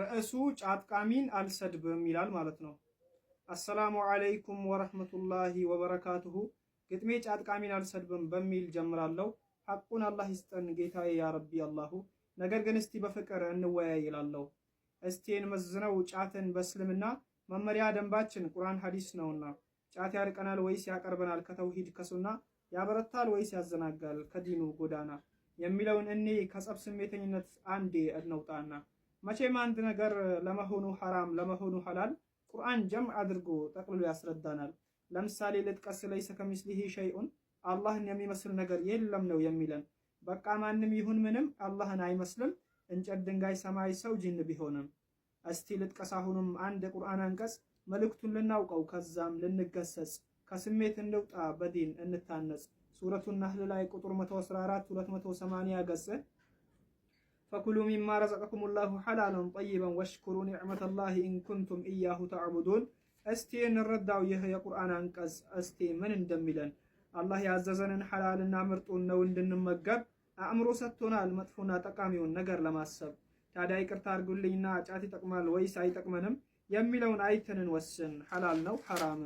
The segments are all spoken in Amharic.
ርዕሱ ጫጥቃሚን አልሰድብም ይላል ማለት ነው። አሰላሙ አለይኩም ወረህመቱላሂ ወበረካቱሁ። ግጥሜ ጫጥቃሚን አልሰድብም በሚል ጀምራለሁ። ሐቁን አላህ ይስጠን ጌታዬ ያረቢ አላሁ። ነገር ግን እስቲ በፍቅር እንወያይ ይላለሁ። እስቲን መዝነው ጫትን በእስልምና መመሪያ ደንባችን ቁርአን ሐዲስ ነውና፣ ጫት ያርቀናል ወይስ ያቀርበናል? ከተውሂድ ከሱና ያበረታል ወይስ ያዘናጋል ከዲኑ ጎዳና የሚለውን እኔ ከጸብ ስሜተኝነት አንዴ እንውጣና መቼም አንድ ነገር ለመሆኑ ሐራም ለመሆኑ ሐላል ቁርአን ጀም አድርጎ ጠቅልሎ ያስረዳናል። ለምሳሌ ልጥቀስ፣ ለይሰ ከሚስሊሂ ሸይኡን አላህን የሚመስል ነገር የለም ነው የሚለን። በቃ ማንም ይሁን ምንም አላህን አይመስልም፣ እንጨት፣ ድንጋይ፣ ሰማይ፣ ሰው፣ ጅን ቢሆንም። እስቲ ልጥቀስ አሁንም አንድ የቁርአን አንቀጽ መልእክቱን ልናውቀው ከዛም ልንገሰጽ፣ ከስሜት እንውጣ በዲን እንታነጽ። ሱረቱ ነህል ላይ ቁጥር 114 280 ገጽ ፈኩሉ ሚማ ረዘቀኩም ላሁ ሐላለን ጠይበን ወሽኩሩ ኒዕመተላሂ ኢንኩንቱም እያሁ ተዕቡዱን። እስቲ እንረዳው ይህ የቁርአን አንቀጽ እስቲ ምን እንደሚለን። አላህ ያዘዘንን ሐላልና ምርጡን ነው እንድንመገብ አእምሮ ሰጥቶናል፣ መጥፎና ጠቃሚውን ነገር ለማሰብ። ታዲያ ይቅርታ አድርጉልኝና ጫት ይጠቅማል ወይስ አይጠቅመንም የሚለውን አይተን እንወስን። ሐላል ነው ሐራም?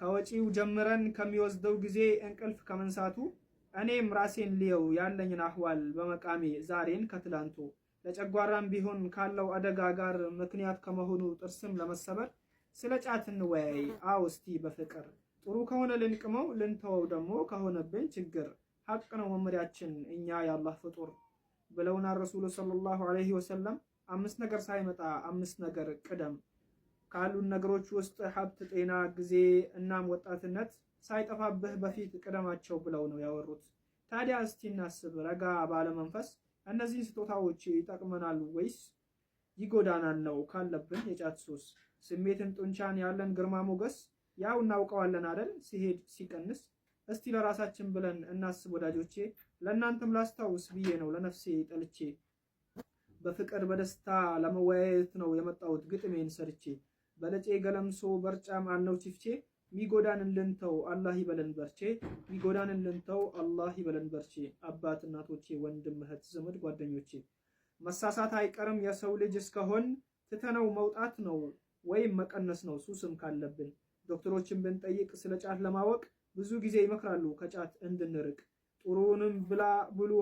ከወጪው ጀምረን ከሚወስደው ጊዜ እንቅልፍ ከመንሳቱ እኔም ራሴን ልየው ያለኝን አህዋል በመቃሜ ዛሬን ከትላንቱ ለጨጓራም ቢሆን ካለው አደጋ ጋር ምክንያት ከመሆኑ ጥርስም ለመሰበር ስለ ጫት እንወያይ አውስቲ በፍቅር ጥሩ ከሆነ ልንቅመው ልንተወው ደግሞ ከሆነብን ችግር ሀቅ ነው መመሪያችን እኛ የአላህ ፍጡር ብለውና ረሱሉ ሰለላሁ ዐለይሂ ወሰለም አምስት ነገር ሳይመጣ አምስት ነገር ቅደም ካሉን ነገሮች ውስጥ ሀብት፣ ጤና፣ ጊዜ እናም ወጣትነት ሳይጠፋብህ በፊት ቅደማቸው ብለው ነው ያወሩት። ታዲያ እስቲ እናስብ ረጋ ባለመንፈስ እነዚህን ስጦታዎች ይጠቅመናል ወይስ ይጎዳናል ነው ካለብን የጫት ሱስ? ስሜትን ጡንቻን ያለን ግርማ ሞገስ ያው እናውቀዋለን አደል? ሲሄድ ሲቀንስ። እስቲ ለራሳችን ብለን እናስብ ወዳጆቼ። ለእናንተም ላስታውስ ብዬ ነው ለነፍሴ ጠልቼ በፍቅር በደስታ ለመወያየት ነው የመጣሁት ግጥሜን ሰርቼ በለጨ ገለምሶ በርጫ ማነው ችፍቼ ሚጎዳን እንልንተው አላህ ይበለን በርቼ ሚጎዳን እንልንተው አላህ ይበለን በርቼ አባት እናቶቼ፣ ወንድም እህት፣ ዘመድ ጓደኞቼ መሳሳት አይቀርም የሰው ልጅ እስከሆን ትተነው መውጣት ነው ወይም መቀነስ ነው ሱስም ካለብን። ዶክተሮችን ብንጠይቅ ስለ ጫት ለማወቅ ብዙ ጊዜ ይመክራሉ ከጫት እንድንርቅ። ጥሩውንም ብላ ብሉ፣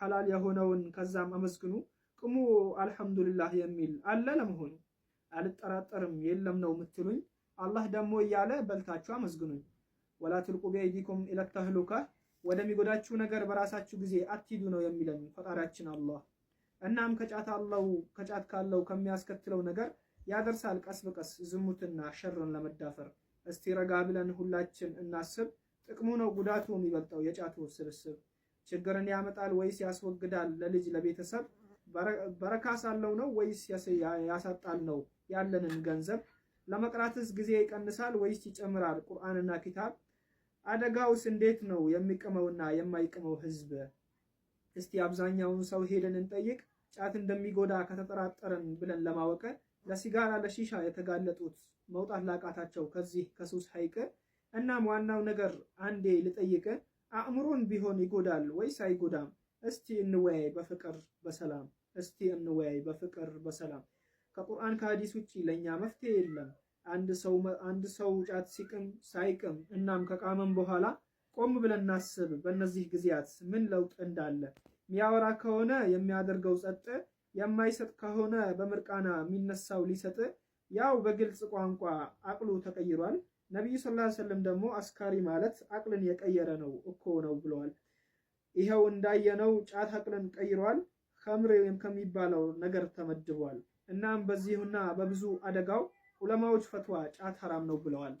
ሐላል የሆነውን ከዛም አመስግኑ፣ ቅሙ አልሐምዱሊላህ የሚል አለ ለመሆኑ አልጠራጠርም የለም ነው የምትሉኝ? አላህ ደግሞ እያለ በልታችሁ አመስግኑኝ። ወላ ትልቁ ቢአይዲኩም ኢለተህሉካ ወደሚጎዳችሁ ነገር በራሳችሁ ጊዜ አትሂዱ ነው የሚለኝ ፈጣሪያችን አላህ። እናም ከጫት አለው ከጫት ካለው ከሚያስከትለው ነገር ያደርሳል ቀስ በቀስ ዝሙትና ሸርን ለመዳፈር። እስቲ ረጋ ብለን ሁላችን እናስብ። ጥቅሙ ነው ጉዳቱ የሚበልጠው የጫቱ ስብስብ? ችግርን ያመጣል ወይስ ያስወግዳል ለልጅ ለቤተሰብ በረካ ሳለው ነው ወይስ ያሳጣል ነው? ያለንን ገንዘብ ለመቅራትስ ጊዜ ይቀንሳል ወይስ ይጨምራል? ቁርአንና ኪታብ አደጋውስ እንዴት ነው የሚቅመውና የማይቅመው ህዝብ? እስቲ አብዛኛውን ሰው ሄደን እንጠይቅ። ጫት እንደሚጎዳ ከተጠራጠረን ብለን ለማወቀ ለሲጋራ ለሺሻ የተጋለጡት መውጣት ላቃታቸው ከዚህ ከሱስ ሀይቅ እናም ዋናው ነገር አንዴ ልጠይቅ፣ አእምሮን ቢሆን ይጎዳል ወይስ አይጎዳም? እስቲ እንወያይ በፍቅር በሰላም እስቲ እንወያይ በፍቅር በሰላም። ከቁርአን ከሀዲስ ውጪ ለእኛ መፍትሄ የለም። አንድ ሰው አንድ ሰው ጫት ሲቅም ሳይቅም እናም ከቃመም በኋላ ቆም ብለን እናስብ። በእነዚህ ጊዜያት ምን ለውጥ እንዳለ የሚያወራ ከሆነ የሚያደርገው ጸጥ፣ የማይሰጥ ከሆነ በምርቃና የሚነሳው ሊሰጥ። ያው በግልጽ ቋንቋ አቅሉ ተቀይሯል። ነቢዩ ሰለላሁ ዐለይሂ ወሰለም ደግሞ አስካሪ ማለት አቅልን የቀየረ ነው እኮ ነው ብለዋል። ይኸው እንዳየነው ጫት አቅልን ቀይሯል፣ ከምር ከሚባለው ነገር ተመድቧል። እናም በዚሁና በብዙ አደጋው ዑለማዎች ፈትዋ ጫት ሐራም ነው ብለዋል።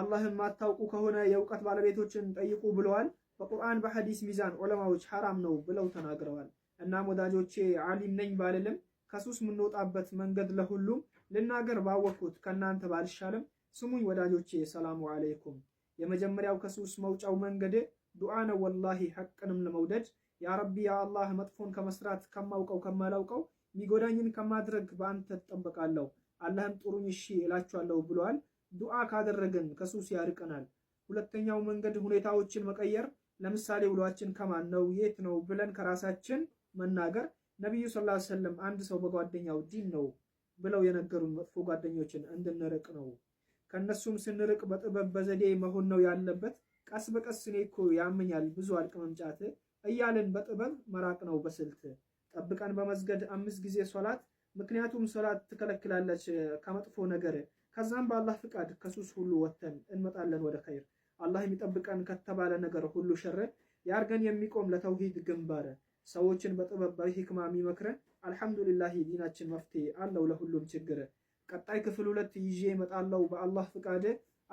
አላህን ማታውቁ ከሆነ የእውቀት ባለቤቶችን ጠይቁ ብለዋል። በቁርአን በሐዲስ ሚዛን ዑለማዎች ሐራም ነው ብለው ተናግረዋል። እናም ወዳጆቼ ዓሊም ነኝ ባልልም ከሱስ የምንወጣበት መንገድ ለሁሉም ልናገር ባወቅኩት ከእናንተ ባልሻልም ስሙኝ ወዳጆቼ፣ ሰላሙ አለይኩም የመጀመሪያው ከሱስ መውጫው መንገድ ዱዓ ነው። ወላሂ ሐቅንም ለመውደድ ያ ረቢ ያ አላህ መጥፎን ከመስራት ከማውቀው ከማላውቀው ሚጎዳኝን ከማድረግ በአንተ ትጠበቃለሁ አላህም ጥሩኝ እሺ እላችኋለሁ ብሏል። ዱዓ ካደረግን ከሱስ ያርቀናል። ሁለተኛው መንገድ ሁኔታዎችን መቀየር፣ ለምሳሌ ውሏችን ከማን ነው የት ነው ብለን ከራሳችን መናገር። ነቢዩ ሰለላሁ ዐለይሂ ወሰለም አንድ ሰው በጓደኛው ዲን ነው ብለው የነገሩን መጥፎ ጓደኞችን እንድንርቅ ነው። ከእነሱም ስንርቅ በጥበብ በዘዴ መሆን ነው ያለበት። ቀስ በቀስ እኔ እኮ ያመኛል ብዙ አልቅ መምጫት እያልን በጥበብ መራቅ ነው በስልት ጠብቀን በመስገድ አምስት ጊዜ ሶላት። ምክንያቱም ሶላት ትከለክላለች ከመጥፎ ነገር። ከዛም በአላህ ፍቃድ ከሱስ ሁሉ ወጥተን እንመጣለን ወደ ኸይር። አላህ የሚጠብቀን ከተባለ ነገር ሁሉ ሸር ያርገን። የሚቆም ለተውሂድ ግንባር ሰዎችን በጥበብ በሂክማ የሚመክረን አልሐምዱሊላህ ዲናችን መፍትሄ አለው ለሁሉም ችግር። ቀጣይ ክፍል ሁለት ይዤ እመጣለሁ በአላህ ፍቃድ።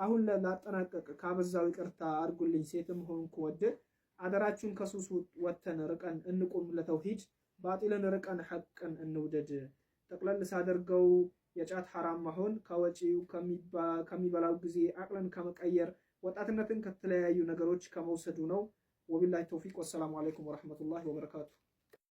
አሁን ላጠናቀቅ ካበዛው ይቅርታ አድርጉልኝ። ሴትም ሆንኩ ወንድ አደራችሁን ከሱስ ወተን ርቀን እንቁም ለተውሂድ ባጢልን ርቀን ሐቅን እንውደድ። ጠቅለል ሳደርገው የጫት ሐራም መሆን ከወጪው ከሚበላው ጊዜ አቅለን ከመቀየር ወጣትነትን ከተለያዩ ነገሮች ከመውሰዱ ነው። ወቢላሂ ተውፊቅ ወሰላሙ አለይኩም ወረሕመቱላሂ ወበረካቱ።